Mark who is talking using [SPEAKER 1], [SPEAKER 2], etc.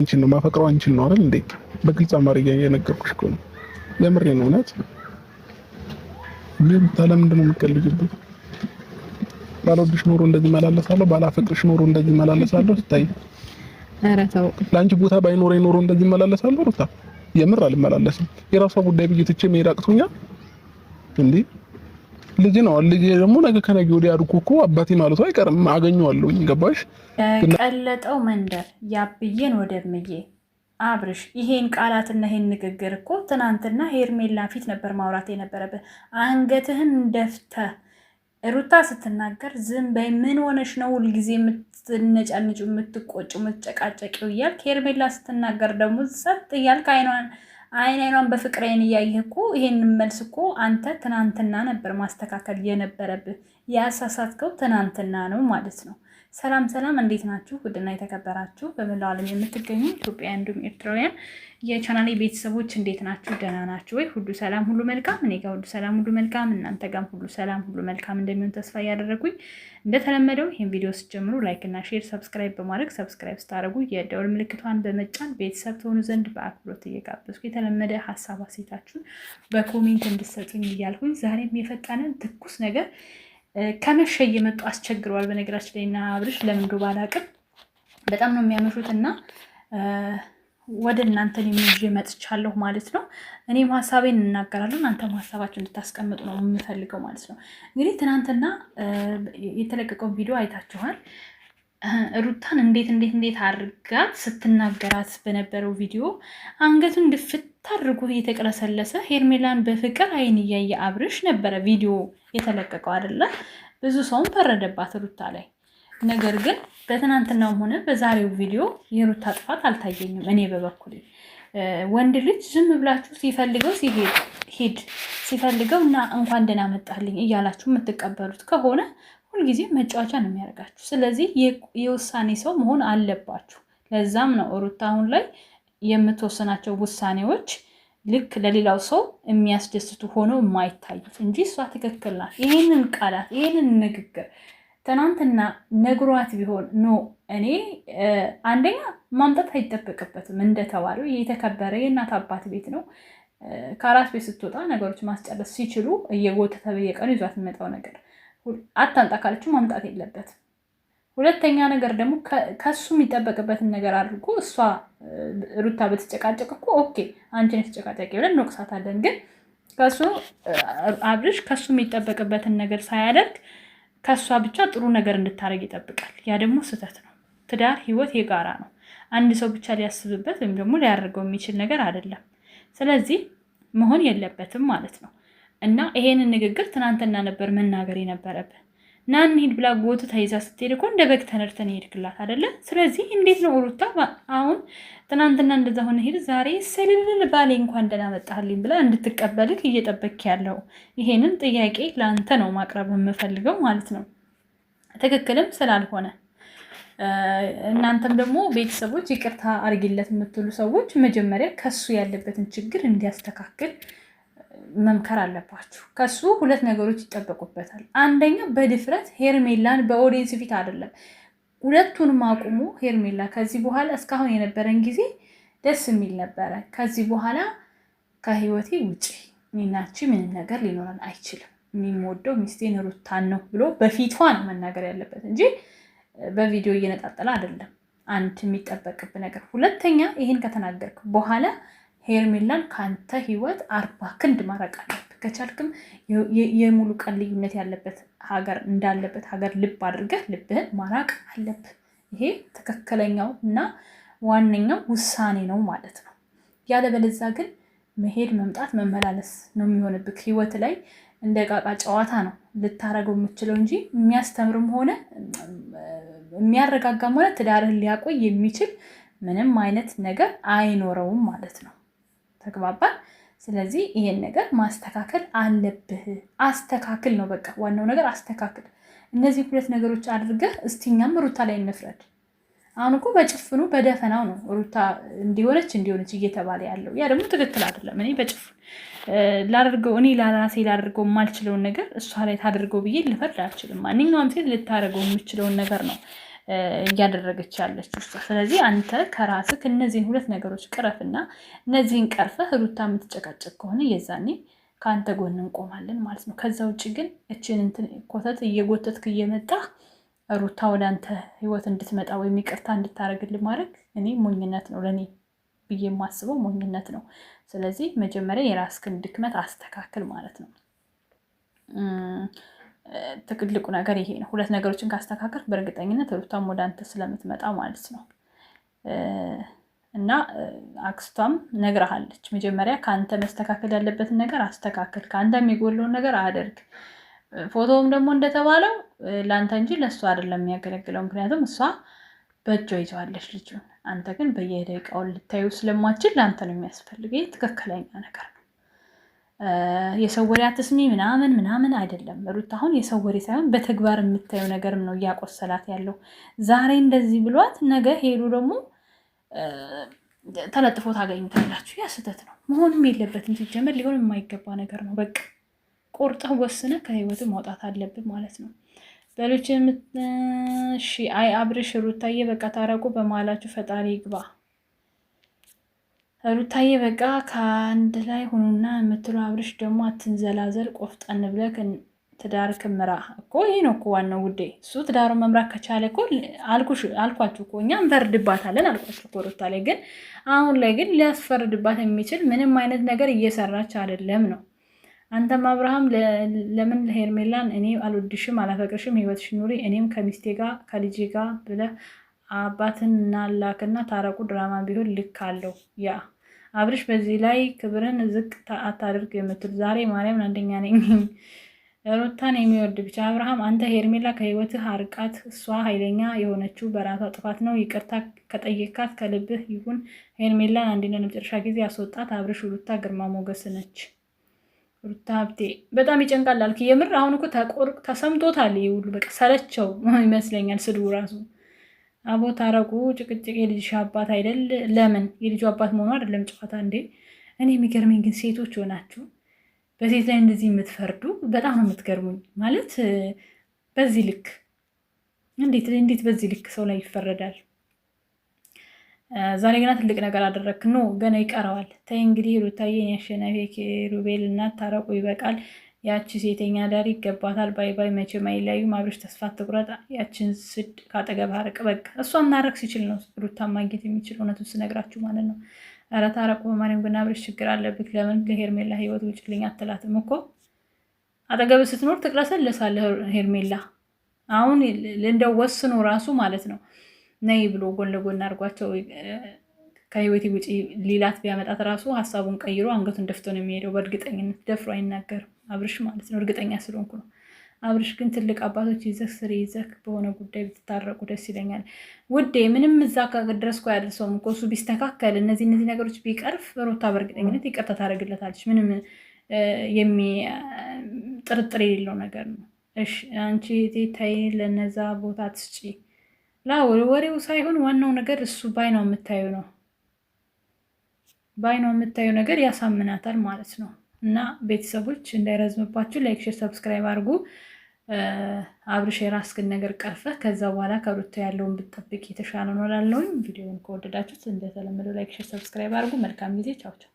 [SPEAKER 1] አንቺን ነው ማፈቅረው፣ አንቺን ነው አይደል እንዴ? በግልጽ አማርኛ እየነገርኩሽ እኮ ነው። የምሬ ነው። እውነት ምን ታለምንድን ነው የምትቀልጂብኝ? ባልወድሽ ኖሮ እንደዚህ መላለሳለሁ፣ ባላፈቅርሽ ኖሮ እንደዚህ መላለሳለሁ። ስታይ ኧረ ተው። ለአንቺ ቦታ ባይኖረኝ ኖሮ እንደዚህ መላለሳለሁ። ሩታ የምር አልመላለስም። የራሷ ጉዳይ ብዬ ትቼ መሄድ አቅቶኛል እንዴ? ልጅ ነው። ልጅ ደግሞ ነገ ከነገ ወዲያ አድጎ እኮ አባቴ ማለቱ አይቀርም። አገኘዋለሁኝ። ገባሽ?
[SPEAKER 2] ቀለጠው መንደር ያብዬን ወደ ምዬ አብርሽ ይሄን ቃላትና ይሄን ንግግር እኮ ትናንትና ሄርሜላ ፊት ነበር ማውራት የነበረብህ። አንገትህን ደፍተህ ሩታ ስትናገር ዝም በይ። ምን ሆነሽ ነው ሁልጊዜ የምትነጫንጩ፣ የምትቆጩ፣ የምትጨቃጨቂው እያልክ ሄርሜላ ስትናገር ደግሞ ጸጥ እያልክ አይኗን አይን አይኗን በፍቅር አይን እያየህ እኮ ይሄን መልስ እኮ አንተ ትናንትና ነበር ማስተካከል የነበረብህ። ያሳሳትከው ትናንትና ነው ማለት ነው። ሰላም ሰላም፣ እንዴት ናችሁ? ውድና የተከበራችሁ በመላው ዓለም የምትገኙ ኢትዮጵያ እንዲሁም ኤርትራውያን የቻናሌ ቤተሰቦች እንዴት ናችሁ? ደህና ናችሁ ወይ? ሁሉ ሰላም፣ ሁሉ መልካም። እኔ ጋር ሁሉ ሰላም፣ ሁሉ መልካም። እናንተ ጋርም ሁሉ ሰላም፣ ሁሉ መልካም እንደሚሆን ተስፋ እያደረጉኝ እንደተለመደው ይህን ቪዲዮ ስጀምሩ ላይክ እና ሼር፣ ሰብስክራይብ በማድረግ ሰብስክራይብ ስታደርጉ የደውል ምልክቷን በመጫን ቤተሰብ ተሆኑ ዘንድ በአክብሮት እየጋበዝኩ የተለመደ ሀሳብ አሴታችሁን በኮሜንት እንድሰጡኝ እያልኩኝ ዛሬም የፈጣንን ትኩስ ነገር ከመሸ እየመጡ አስቸግረዋል። በነገራችን ላይ እና አብርሽ ለምንዶ ባላቅም በጣም ነው የሚያመሹት እና ወደ እናንተን ይዤ መጥቻለሁ ማለት ነው። እኔ ሀሳቤን እናገራለሁ፣ እናንተ ሀሳባችሁ እንድታስቀምጡ ነው የምፈልገው ማለት ነው። እንግዲህ ትናንትና የተለቀቀውን ቪዲዮ አይታችኋል። ሩታን እንዴት እንዴት እንዴት አድርጋት ስትናገራት በነበረው ቪዲዮ አንገቱን ድፍት አድርጎ እየተቅለሰለሰ ሄርሜላን በፍቅር አይን እያየ አብርሽ ነበረ ቪዲዮ የተለቀቀው አይደለ? ብዙ ሰውም ፈረደባት ሩታ ላይ። ነገር ግን በትናንትናውም ሆነ በዛሬው ቪዲዮ የሩታ ጥፋት አልታየኝም። እኔ በበኩል ወንድ ልጅ ዝም ብላችሁ ሲፈልገው ሲሄድ ሂድ ሲፈልገው እና እንኳን ደህና መጣልኝ እያላችሁ የምትቀበሉት ከሆነ ሁልጊዜ መጫወቻ ነው የሚያደርጋችሁ። ስለዚህ የውሳኔ ሰው መሆን አለባችሁ። ለዛም ነው ሩታ አሁን ላይ የምትወስናቸው ውሳኔዎች ልክ ለሌላው ሰው የሚያስደስቱ ሆነው የማይታዩት እንጂ እሷ ትክክል ናት። ይህንን ቃላት ይህንን ንግግር ትናንትና ነግሯት ቢሆን ኖ እኔ አንደኛ ማምጣት አይጠበቅበትም። እንደተባለው የተከበረ የእናት አባት ቤት ነው። ከአራት ቤት ስትወጣ ነገሮች ማስጨረስ ሲችሉ እየጎተተ በየቀኑ ይዟት የሚመጣው ነገር አታምጣ ካለችው ማምጣት የለበትም። ሁለተኛ ነገር ደግሞ ከሱ የሚጠበቅበትን ነገር አድርጎ እሷ ሩታ በተጨቃጨቅ እኮ ኦኬ አንቺን የተጨቃጨቂ ብለን እንወቅሳታለን። ግን ከሱ አብርሽ ከሱ የሚጠበቅበትን ነገር ሳያደርግ ከእሷ ብቻ ጥሩ ነገር እንድታደረግ ይጠብቃል። ያ ደግሞ ስህተት ነው። ትዳር ህይወት የጋራ ነው። አንድ ሰው ብቻ ሊያስብበት ወይም ደግሞ ሊያደርገው የሚችል ነገር አይደለም። ስለዚህ መሆን የለበትም ማለት ነው። እና ይሄንን ንግግር ትናንትና ነበር መናገር የነበረብን። ና እንሂድ ብላ ጎትታ ይዛ ስትሄድ እኮ እንደ በግ ተነድተን ሄድክላት አይደለ? ስለዚህ እንዴት ነው ሩታ አሁን ትናንትና እንደዛ ሆነ ሄድ ዛሬ ስልል ባሌ እንኳን ደህና መጣልኝ ብላ እንድትቀበልክ እየጠበክ ያለው ይሄንን ጥያቄ ለአንተ ነው ማቅረብ የምፈልገው ማለት ነው። ትክክልም ስላልሆነ እናንተም ደግሞ ቤተሰቦች ይቅርታ አርጊለት የምትሉ ሰዎች መጀመሪያ ከሱ ያለበትን ችግር እንዲያስተካክል መምከር አለባችሁ። ከሱ ሁለት ነገሮች ይጠበቁበታል። አንደኛ በድፍረት ሄርሜላን በኦዲየንስ ፊት አይደለም፣ ሁለቱንም አቁሙ። ሄርሜላ ከዚህ በኋላ እስካሁን የነበረን ጊዜ ደስ የሚል ነበረ። ከዚህ በኋላ ከህይወቴ ውጭ ሚናች ምንም ነገር ሊኖረን አይችልም። የሚወደው ሚስቴን ሩታን ነው ብሎ በፊቷ ነው መናገር ያለበት እንጂ በቪዲዮ እየነጣጠለ አይደለም። አንድ የሚጠበቅብ ነገር። ሁለተኛ ይህን ከተናገርክ በኋላ ሄርሜላን ከአንተ ህይወት አርባ ክንድ ማራቅ አለብህ። ከቻልክም የሙሉ ቀን ልዩነት ያለበት ሀገር እንዳለበት ሀገር ልብ አድርገህ ልብህን ማራቅ አለብህ። ይሄ ትክክለኛው እና ዋነኛው ውሳኔ ነው ማለት ነው። ያለበለዛ ግን መሄድ መምጣት መመላለስ ነው የሚሆንብህ። ህይወት ላይ እንደ ዕቃቃ ጨዋታ ነው ልታረገው የምችለው እንጂ የሚያስተምርም ሆነ የሚያረጋጋም ሆነ ትዳርህን ሊያቆይ የሚችል ምንም አይነት ነገር አይኖረውም ማለት ነው። ተግባባን። ስለዚህ ይሄን ነገር ማስተካከል አለብህ። አስተካክል ነው በቃ ዋናው ነገር አስተካክል። እነዚህ ሁለት ነገሮች አድርገህ እስቲ እኛም ሩታ ላይ እንፍረድ። አሁን እኮ በጭፍኑ በደፈናው ነው ሩታ እንዲሆነች እንዲሆነች እየተባለ ያለው። ያ ደግሞ ትክክል አይደለም። እኔ በጭፍ ላደርገው እኔ ላራሴ ላደርገው የማልችለውን ነገር እሷ ላይ ታደርገው ብዬ ልፈርድ አልችልም። ማንኛውም ሴት ልታደርገው የምችለውን ነገር ነው እያደረገች ያለችው። ስለዚህ አንተ ከራስህ እነዚህን ሁለት ነገሮች ቅረፍና እነዚህን ቀርፈህ ሩታ የምትጨቃጨቅ ከሆነ የዛኔ ከአንተ ጎን እንቆማለን ማለት ነው። ከዛ ውጭ ግን እችን እንትን ኮተት እየጎተትክ እየመጣ ሩታ ወደ አንተ ህይወት እንድትመጣ ወይም ይቅርታ እንድታደርግልህ ማድረግ እኔ ሞኝነት ነው ለእኔ ብዬ የማስበው ሞኝነት ነው። ስለዚህ መጀመሪያ የራስክን ድክመት አስተካክል ማለት ነው። ትልቁ ነገር ይሄ ነው። ሁለት ነገሮችን ካስተካከል በእርግጠኝነት ሩታም ወደ አንተ ስለምትመጣ ማለት ነው። እና አክስቷም ነግረሃለች። መጀመሪያ ከአንተ መስተካከል ያለበትን ነገር አስተካከል፣ ከአንተ የሚጎለውን ነገር አደርግ። ፎቶውም ደግሞ እንደተባለው ለአንተ እንጂ ለእሷ አይደለም የሚያገለግለው። ምክንያቱም እሷ በእጇ ይዘዋለች ልጁን፣ አንተ ግን በየደቂቃውን ልታዩ ስለማችል ለአንተ ነው የሚያስፈልገ ትክክለኛ ነገር ነው። የሰው ወሬ አትስሚ ምናምን ምናምን አይደለም። ሩት አሁን የሰው ወሬ ሳይሆን በተግባር የምታየው ነገርም ነው እያቆሰላት ያለው። ዛሬ እንደዚህ ብሏት ነገ ሄዱ ደግሞ ተለጥፎ ታገኝታላችሁ። ያ ስህተት ነው፣ መሆንም የለበትም ሲጀመር፣ ሊሆን የማይገባ ነገር ነው። በቃ ቆርጠህ ወስነህ ከህይወት ማውጣት አለብን ማለት ነው። ሌሎች አይ አብርሽ ሩታዬ፣ በቃ ታረቁ በማላችሁ ፈጣሪ ይግባ። ሩታዬ በቃ ከአንድ ላይ ሆኑና የምትሉ አብርሽ ደግሞ አትንዘላዘል፣ ቆፍጠን ብለህ ትዳር ክምራ እኮ ይሄ ነው እኮ ዋናው ጉዳይ። እሱ ትዳሩ መምራት ከቻለ እኮ አልኳችሁ እኮ እኛ እንፈርድባታለን አልኳችሁ እኮ ሩታ ላይ ግን አሁን ላይ ግን ሊያስፈርድባት የሚችል ምንም አይነት ነገር እየሰራች አይደለም ነው። አንተም አብርሃም ለምን ለሄርሜላን እኔ አልወድሽም አላፈቅርሽም፣ ህይወትሽ ኑሪ፣ እኔም ከሚስቴ ጋር ከልጄ ጋር ብለህ አባትን እናላክና ታረቁ ድራማ ቢሆን ልክ አለው። ያ አብርሽ በዚህ ላይ ክብርን ዝቅ አታድርግ የምትል ዛሬ ማርያምን አንደኛ ነኝ ሩታን የሚወድ ብቻ አብርሃም አንተ ሄርሜላ ከህይወትህ አርቃት። እሷ ኃይለኛ የሆነችው በራሷ ጥፋት ነው። ይቅርታ ከጠየካት ከልብህ ይሁን። ሄርሜላን አንዴና ለመጨረሻ ጊዜ ያስወጣት አብርሽ። ሩታ ግርማ ሞገስ ነች። ሩታ ሀብቴ በጣም ይጨንቃል አልክ። የምር አሁን እኮ ተቆርቅ ተሰምቶታል። ይውሉ በቃ ሰለቸው ይመስለኛል ስድቡ ራሱ አቦ ታረቁ፣ ጭቅጭቅ የልጅሽ አባት አይደል? ለምን የልጁ አባት መሆኑ አይደለም ጨዋታ እንዴ? እኔ የሚገርመኝ ግን ሴቶች ሆናችሁ በሴት ላይ እንደዚህ የምትፈርዱ በጣም ነው የምትገርሙኝ። ማለት በዚህ ልክ እንዴት እንዴት በዚህ ልክ ሰው ላይ ይፈረዳል? ዛሬ ገና ትልቅ ነገር አደረግክ። ኖ ገና ይቀረዋል። ተይ እንግዲህ ሩታዬ፣ ያሸናፊ ሩቤል እና ታረቁ ይበቃል። ያቺ ሴተኛ አዳሪ ይገባታል። ባይ ባይ፣ መቼም አይለያዩም። አብርሽ ተስፋ አትቁረጥ። ያችን ስድ ካጠገብ አረቅ። በቃ እሷ እናረቅ ሲችል ነው ሩታን ማግኘት የሚችል። እውነቱን ስነግራችሁ ማለት ነው። ኧረ ታረቁ በማርያም ግን አብርሽ ችግር አለብህ። ለምን ለሄርሜላ ህይወት ውጭልኝ አትላትም እኮ? አጠገብ ስትኖር ትቅለሰልሳለህ ሄርሜላ። አሁን እንደው ወስኖ ራሱ ማለት ነው ነይ ብሎ ጎን ለጎን አድርጓቸው ከህይወቴ ውጪ ሌላት ቢያመጣት ራሱ ሀሳቡን ቀይሮ አንገቱን ደፍቶ ነው የሚሄደው። በእርግጠኝነት ደፍሮ አይናገርም አብርሽ ማለት ነው። እርግጠኛ ስለሆንኩ ነው። አብርሽ ግን ትልቅ አባቶች ይዘህ ስር ይዘህ በሆነ ጉዳይ ብትታረቁ ደስ ይለኛል ውዴ። ምንም እዛ ድረስ እኮ ያደርሰውም እኮ እሱ ቢስተካከል እነዚህ እነዚህ ነገሮች ቢቀርፍ ሩታ በእርግጠኝነት ይቅርታ ታደርግለታለች። ምንም ጥርጥር የሌለው ነገር ነው። እሺ አንቺ ታይ ለነዛ ቦታ ትስጪ ላ ወሬው ሳይሆን ዋናው ነገር እሱ ባይ ነው የምታዩ ነው በአይኗ የምታየው ነገር ያሳምናታል ማለት ነው። እና ቤተሰቦች እንዳይረዝምባችሁ ላይክ፣ ሼር፣ ሰብስክራይብ አድርጉ። አብርሽ የራስህን ነገር ቀርፈ ከዛ በኋላ ከሩታ ያለውን ብትጠብቅ የተሻለ ነው ቪዲዮውን ከወደዳችሁት እንደተለመደው ላይክ፣ ሼር፣ ሰብስክራይብ አድርጉ። መልካም ጊዜ። ቻውቻው